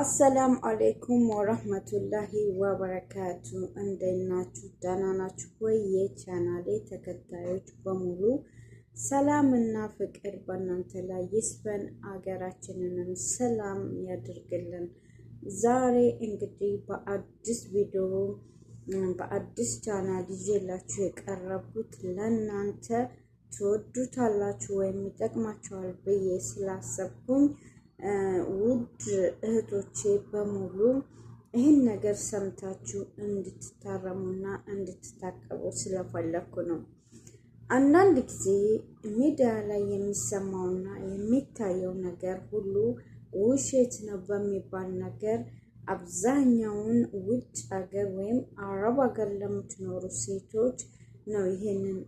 አሰላም አሌይኩም ወረህመቱላሂ ወበረካቱ። እንዴት ናችሁ? ደህና ናችሁ ወይ? የቻናሌ ተከታዮች በሙሉ ሰላምና ፍቅር በእናንተ ላይ ይስፈን፣ አገራችንንም ሰላም ያድርግልን። ዛሬ እንግዲህ በአዲስ ቪዲዮ በአዲስ ቻናል ይዤላችሁ የቀረቡት ለእናንተ ትወዱታላችሁ ወይም ይጠቅማችኋል ብዬ ስላሰብኩኝ ውድ እህቶቼ በሙሉ ይህን ነገር ሰምታችሁ እንድትታረሙና እንድትታቀቡ ስለፈለኩ ነው። አንዳንድ ጊዜ ሚዲያ ላይ የሚሰማውና የሚታየው ነገር ሁሉ ውሸት ነው በሚባል ነገር አብዛኛውን ውጭ ሀገር ወይም አረብ ሀገር ለምትኖሩ ሴቶች ነው ይሄንን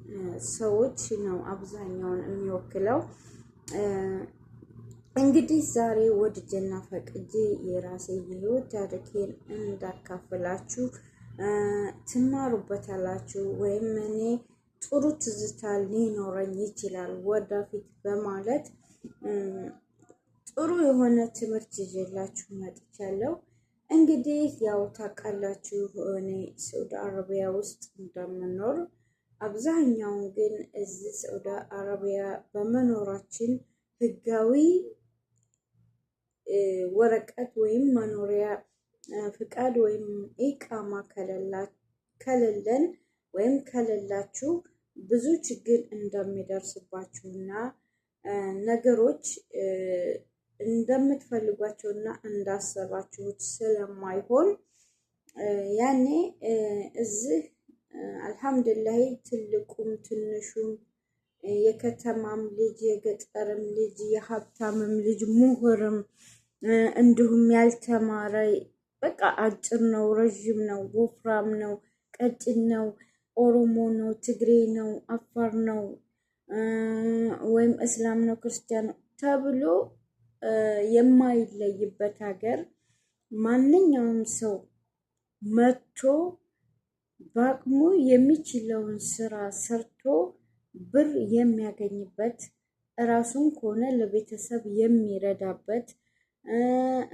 ሰዎች ነው አብዛኛውን የሚወክለው። እንግዲህ ዛሬ ወድጄና ፈቅጄ የራሴ የህይወት ታሪኬን እንዳካፍላችሁ ትማሩበታላችሁ ወይም እኔ ጥሩ ትዝታ ሊኖረኝ ይችላል ወደፊት በማለት ጥሩ የሆነ ትምህርት ይዤላችሁ መጥቻለሁ። እንግዲህ ያው ታውቃላችሁ እኔ ሳውዲ አረቢያ ውስጥ እንደምኖር አብዛኛውን ግን እዚህ ሳውዲ አረቢያ በመኖራችን ህጋዊ ወረቀት ወይም መኖሪያ ፍቃድ ወይም ኢቃማ ከሌለን ወይም ከሌላችሁ ብዙ ችግር እና ነገሮች እንደምትፈልጓቸውና እንዳሰባችሁት ስለማይሆን ያኔ እዚህ አልሐምድላይ ትልቁም ትንሹም የከተማም ልጅ የገጠርም ልጅ የሀብታምም ልጅ ምሁርም እንዲሁም ያልተማረ በቃ አጭር ነው፣ ረዥም ነው፣ ወፍራም ነው፣ ቀጭን ነው፣ ኦሮሞ ነው፣ ትግሬ ነው፣ አፋር ነው ወይም እስላም ነው፣ ክርስቲያን ነው ተብሎ የማይለይበት ሀገር ማንኛውም ሰው መጥቶ በአቅሙ የሚችለውን ስራ ሰርቶ ብር የሚያገኝበት እራሱን ከሆነ ለቤተሰብ የሚረዳበት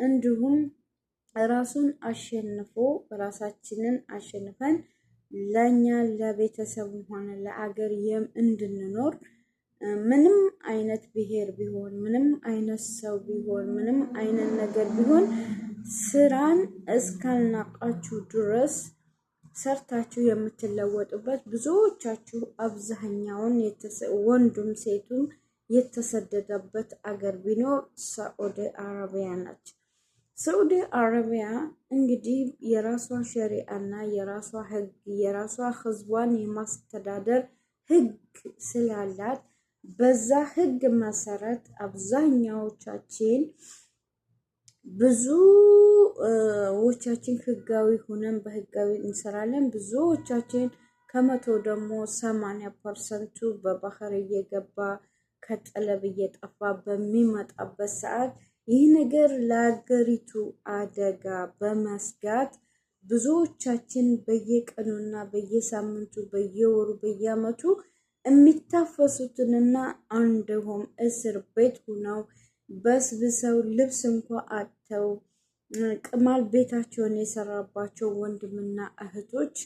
እንዲሁም ራሱን አሸንፎ ራሳችንን አሸንፈን ለእኛ ለቤተሰብም ሆነ ለአገር እንድንኖር ምንም አይነት ብሔር ቢሆን ምንም አይነት ሰው ቢሆን ምንም አይነት ነገር ቢሆን ስራን እስካልናቃችሁ ድረስ ሰርታችሁ የምትለወጡበት ብዙዎቻችሁ አብዛኛውን ወንዱም ሴቱም የተሰደደበት አገር ቢኖር ሳዑዲ አረቢያ ናች። ሳዑዲ አረቢያ እንግዲህ የራሷ ሸሪአ ሸሪአና የራሷ ህግ የራሷ ህዝቧን የማስተዳደር ህግ ስላላት በዛ ህግ መሰረት አብዛኛዎቻችን ብዙዎቻችን ህጋዊ ሆነን በህጋዊ እንሰራለን። ብዙዎቻችን ከመቶ ደግሞ ሰማንያ ፐርሰንቱ በባህር እየገባ ከጠለብ እየጠፋ በሚመጣበት ሰዓት ይህ ነገር ለሀገሪቱ አደጋ በመስጋት ብዙዎቻችን በየቀኑና በየሳምንቱ በየወሩ በየአመቱ የሚታፈሱትንና እንደውም እስር ቤት ሁነው በስብሰው ልብስ እንኳ አጥተው ቅማል ቤታቸውን የሰራባቸው ወንድምና እህቶች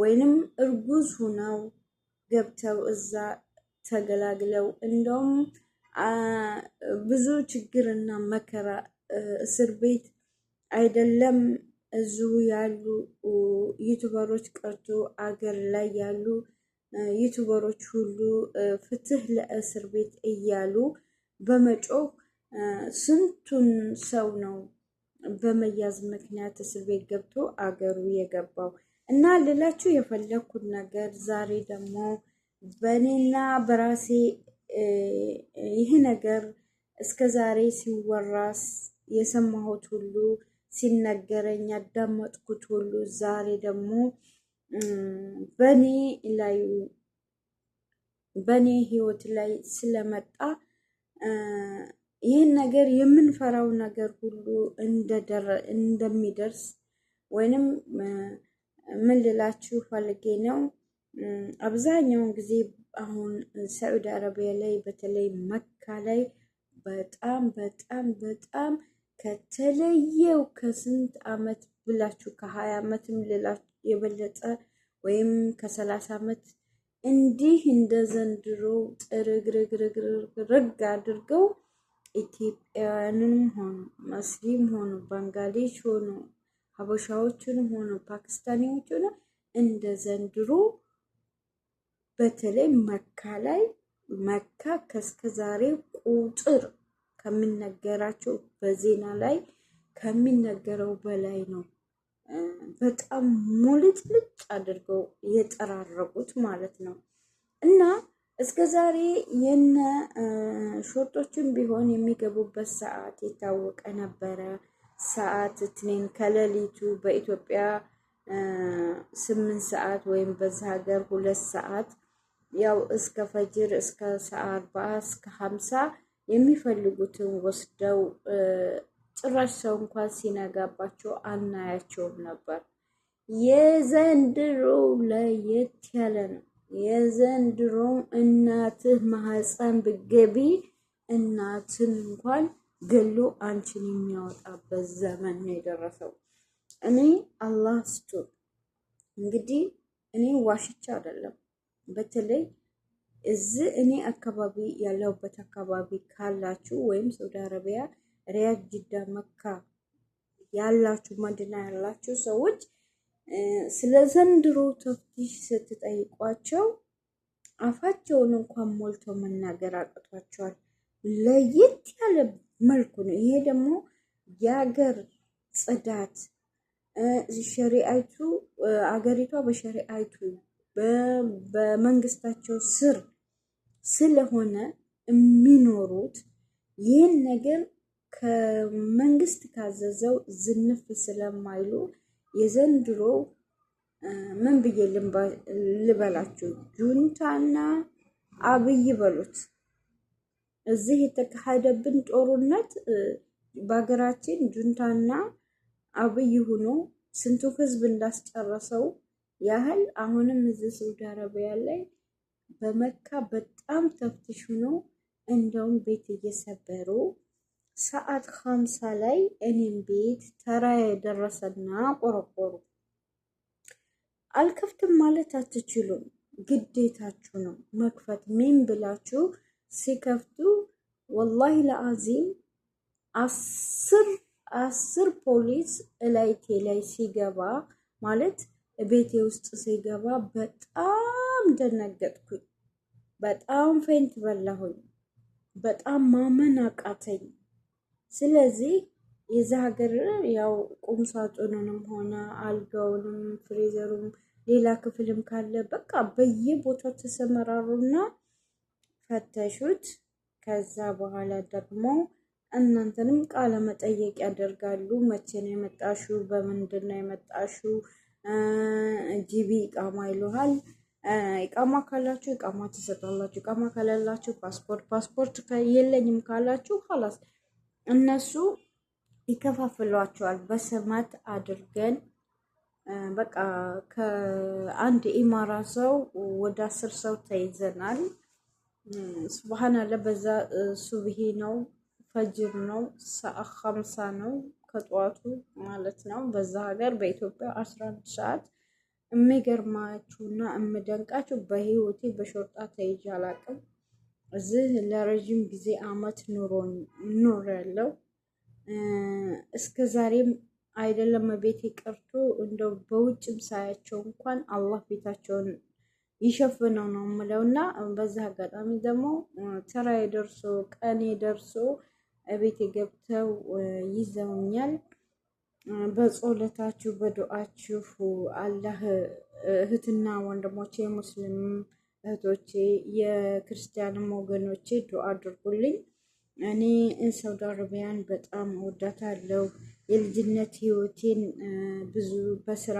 ወይንም እርጉዝ ሁነው ገብተው እዛ ተገላግለው እንደውም ብዙ ችግርና መከራ እስር ቤት አይደለም እዚሁ ያሉ ዩቱበሮች ቀርቶ አገር ላይ ያሉ ዩቱበሮች ሁሉ ፍትህ ለእስር ቤት እያሉ በመጮህ ስንቱን ሰው ነው በመያዝ ምክንያት እስር ቤት ገብቶ አገሩ የገባው እና ልላችሁ የፈለግኩት ነገር ዛሬ ደግሞ በእኔና በራሴ ይህ ነገር እስከ ዛሬ ሲወራስ የሰማሁት ሁሉ ሲነገረኝ ያዳመጥኩት ሁሉ ዛሬ ደግሞ በእኔ ላይ በእኔ ህይወት ላይ ስለመጣ ይህን ነገር የምንፈራው ነገር ሁሉ እንደሚደርስ ወይንም ምን ልላችሁ ፈልጌ ነው። አብዛኛውን ጊዜ አሁን ሳዑዲ አረቢያ ላይ በተለይ መካ ላይ በጣም በጣም በጣም ከተለየው ከስንት አመት ብላችሁ ከሀያ ዓመትም ልላችሁ የበለጠ ወይም ከሰላሳ አመት እንዲህ እንደ ዘንድሮ ጥርግርግርግርግ አድርገው ኢትዮጵያውያንም ሆኑ ሙስሊም ሆኑ ባንጋሊሽ ሆኑ ሀበሻዎቹንም ሆኑ ፓኪስታኒዎች ሆኑ እንደ ዘንድሮ በተለይ መካ ላይ መካ ከእስከ ቁጥር ከሚነገራቸው በዜና ላይ ከሚነገረው በላይ ነው። በጣም ልጭ አድርገው የጠራረቁት ማለት ነው እና እስከ ዛሬ የነ ሾርጦችን ቢሆን የሚገቡበት ሰዓት የታወቀ ነበረ። ሰዓት ትኔን ከሌሊቱ በኢትዮጵያ ስምንት ሰዓት ወይም በዛ ሀገር ሁለት ሰዓት ያው እስከ ፈጅር እስከ አርባ እስከ ሀምሳ የሚፈልጉትን ወስደው ጭራሽ ሰው እንኳን ሲነጋባቸው አናያቸውም ነበር። የዘንድሮ ለየት ያለ ነው። የዘንድሮም እናትህ ማህፀን ብገቢ እናትን እንኳን ገሎ አንቺን የሚያወጣበት ዘመን ነው የደረሰው። እኔ አላህ ስቶር እንግዲህ እኔ ዋሽቻ አይደለም። በተለይ እዚህ እኔ አካባቢ ያለሁበት አካባቢ ካላችሁ ወይም ሳውዲ አረቢያ፣ ሪያድ፣ ጅዳ፣ መካ ያላችሁ መዲና ያላችሁ ሰዎች ስለ ዘንድሮ ተፍቲሽ ስትጠይቋቸው አፋቸውን እንኳን ሞልተው መናገር አቅቷቸዋል። ለየት ያለ መልኩ ነው። ይሄ ደግሞ የሀገር ጽዳት ሸሪአይቱ አገሪቷ በሸሪአይቱ በመንግስታቸው ስር ስለሆነ የሚኖሩት ይህን ነገር ከመንግስት ካዘዘው ዝንፍ ስለማይሉ የዘንድሮ ምን ብዬ ልበላችሁ፣ ጁንታና አብይ በሉት እዚህ የተካሄደብን ጦርነት በሀገራችን ጁንታና አብይ ሆኖ ስንቱ ህዝብ እንዳስጨረሰው ያህል አሁንም እዚህ ሳውዲ አረቢያ ላይ በመካ በጣም ተፍትሽ ሆኖ እንደውም ቤት እየሰበሩ ሰዓት ሀምሳ ላይ እኔም ቤት ተራ የደረሰና ቆረቆሩ። አልከፍትም ማለት አትችሉም፣ ግዴታችሁ ነው መክፈት። ምን ብላችሁ ሲከፍቱ ወላሂ ለአዚም አስር አስር ፖሊስ እላይቴ ላይ ሲገባ ማለት ቤቴ ውስጥ ሲገባ በጣም ደነገጥኩኝ። በጣም ፌንት በላሁኝ። በጣም ማመን አቃተኝ። ስለዚህ የዛ ሀገር ያው ቁም ሳጥኑንም ሆነ አልጋውንም ፍሬዘሩም ሌላ ክፍልም ካለ በቃ በየቦታው ተሰመራሩና ፈተሹት። ከዛ በኋላ ደግሞ እናንተንም ቃለ መጠየቅ ያደርጋሉ። መቼ ነው የመጣሹ? በምንድን ነው የመጣሹ? ጂቢ ኢቃማ ይሉሃል። ኢቃማ ካላችሁ ኢቃማ ትሰጣላችሁ። ኢቃማ ካላላችሁ ፓስፖርት፣ ፓስፖርት የለኝም ካላችሁ ላስ እነሱ ይከፋፍሏቸዋል። በስማት አድርገን በቃ ከአንድ ኢማራ ሰው ወደ አስር ሰው ተይዘናል። ስብሓናላ በዛ ሱብሄ ነው፣ ፈጅር ነው፣ ሰዓ ሀምሳ ነው ከጠዋቱ ማለት ነው። በዛ ሀገር በኢትዮጵያ አስራ አንድ ሰዓት እና የምደንቃችሁ በህይወቴ በሾርጣ ተይዤ አላቅም። እዚህ ለረዥም ጊዜ አመት ኑር ያለው እስከ ዛሬም አይደለም ቤት ቀርቶ እንደው በውጭም ሳያቸው እንኳን አላህ ቤታቸውን ይሸፍነው ነው የምለው እና በዚህ አጋጣሚ ደግሞ ተራ ደርሶ ቀኔ ደርሶ ቤቴ ገብተው ይዘውኛል። በጾለታችሁ በዱዓችሁ አላህ እህትና ወንድሞቼ ሙስሊም እህቶቼ የክርስቲያንም ወገኖቼ ዱዓ አድርጉልኝ። እኔ ሳውዲ አረቢያን በጣም ወዳታለሁ። የልጅነት ህይወቴን ብዙ በስራ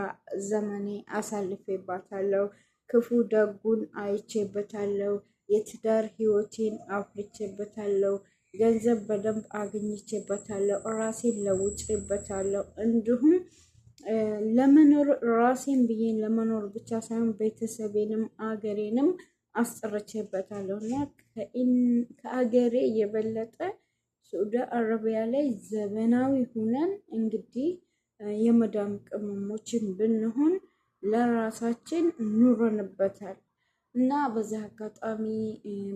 ዘመኔ አሳልፌባታለሁ። ክፉ ደጉን አይቼበታለሁ። የትዳር ህይወቴን አፍርቼበታለሁ። ገንዘብ በደንብ አግኝቼበታለሁ። ራሴን ለውጬበታለሁ። እንዲሁም ለመኖር ራሴን ብዬን ለመኖር ብቻ ሳይሆን ቤተሰቤንም አገሬንም አስጠረቼበታለሁ እና ከአገሬ የበለጠ ሳዑዲ አረቢያ ላይ ዘመናዊ ሁነን እንግዲህ የመዳም ቅመሞችን ብንሆን ለራሳችን ኑረንበታል እና በዚህ አጋጣሚ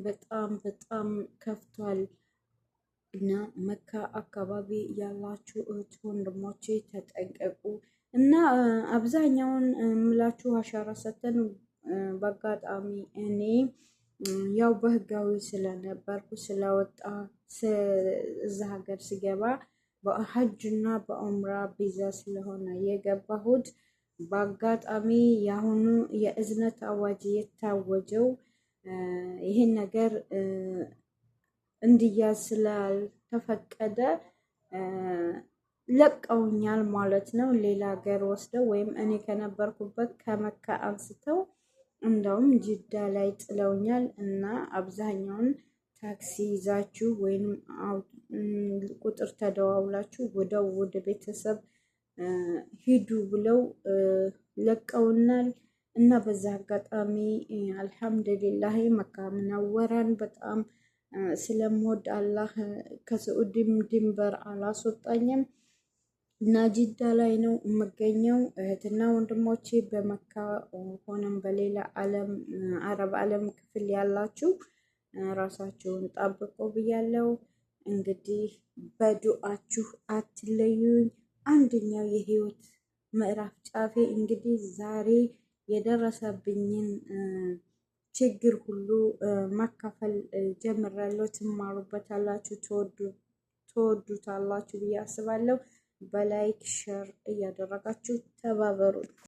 በጣም በጣም ከፍቷል። እና መካ አካባቢ ያላችሁ እህት ወንድሞቼ ተጠንቀቁ። እና አብዛኛውን ምላችሁ አሻራ ሰተን በአጋጣሚ እኔ ያው በህጋዊ ስለነበርኩ ስለወጣ እዛ ሀገር ስገባ በሀጅና በኦምራ ቢዛ ስለሆነ የገባሁት በአጋጣሚ የአሁኑ የእዝነት አዋጅ የታወጀው ይህን ነገር እንድያዝ ስላልተፈቀደ ለቀውኛል ማለት ነው። ሌላ ሀገር ወስደው ወይም እኔ ከነበርኩበት ከመካ አንስተው እንደውም ጅዳ ላይ ጥለውኛል እና አብዛኛውን ታክሲ ይዛችሁ ወይም ቁጥር ተደዋውላችሁ ወደው ወደ ቤተሰብ ሂዱ ብለው ለቀውናል እና በዛ አጋጣሚ አልሐምዱሊላህ መካ ሙነወራን በጣም ስለምወድ አላህ ከስዑድም ድንበር አላስወጣኝም እና ላይ ነው የምገኘው። እህትና ወንድሞቼ በመካ ሆነም በሌላ ዓለም አረብ ዓለም ክፍል ያላችሁ ራሳችሁን ጠብቆ ብያለው። እንግዲህ በዱአችሁ አትለዩኝ። አንደኛው የህይወት ምዕራፍ ጫፌ እንግዲህ ዛሬ የደረሰብኝን ችግር ሁሉ መካፈል ጀምራለሁ። ትማሩበታላችሁ፣ ትወዱታላችሁ ብዬ አስባለሁ። በላይክ ሸር እያደረጋችሁ ተባበሩ።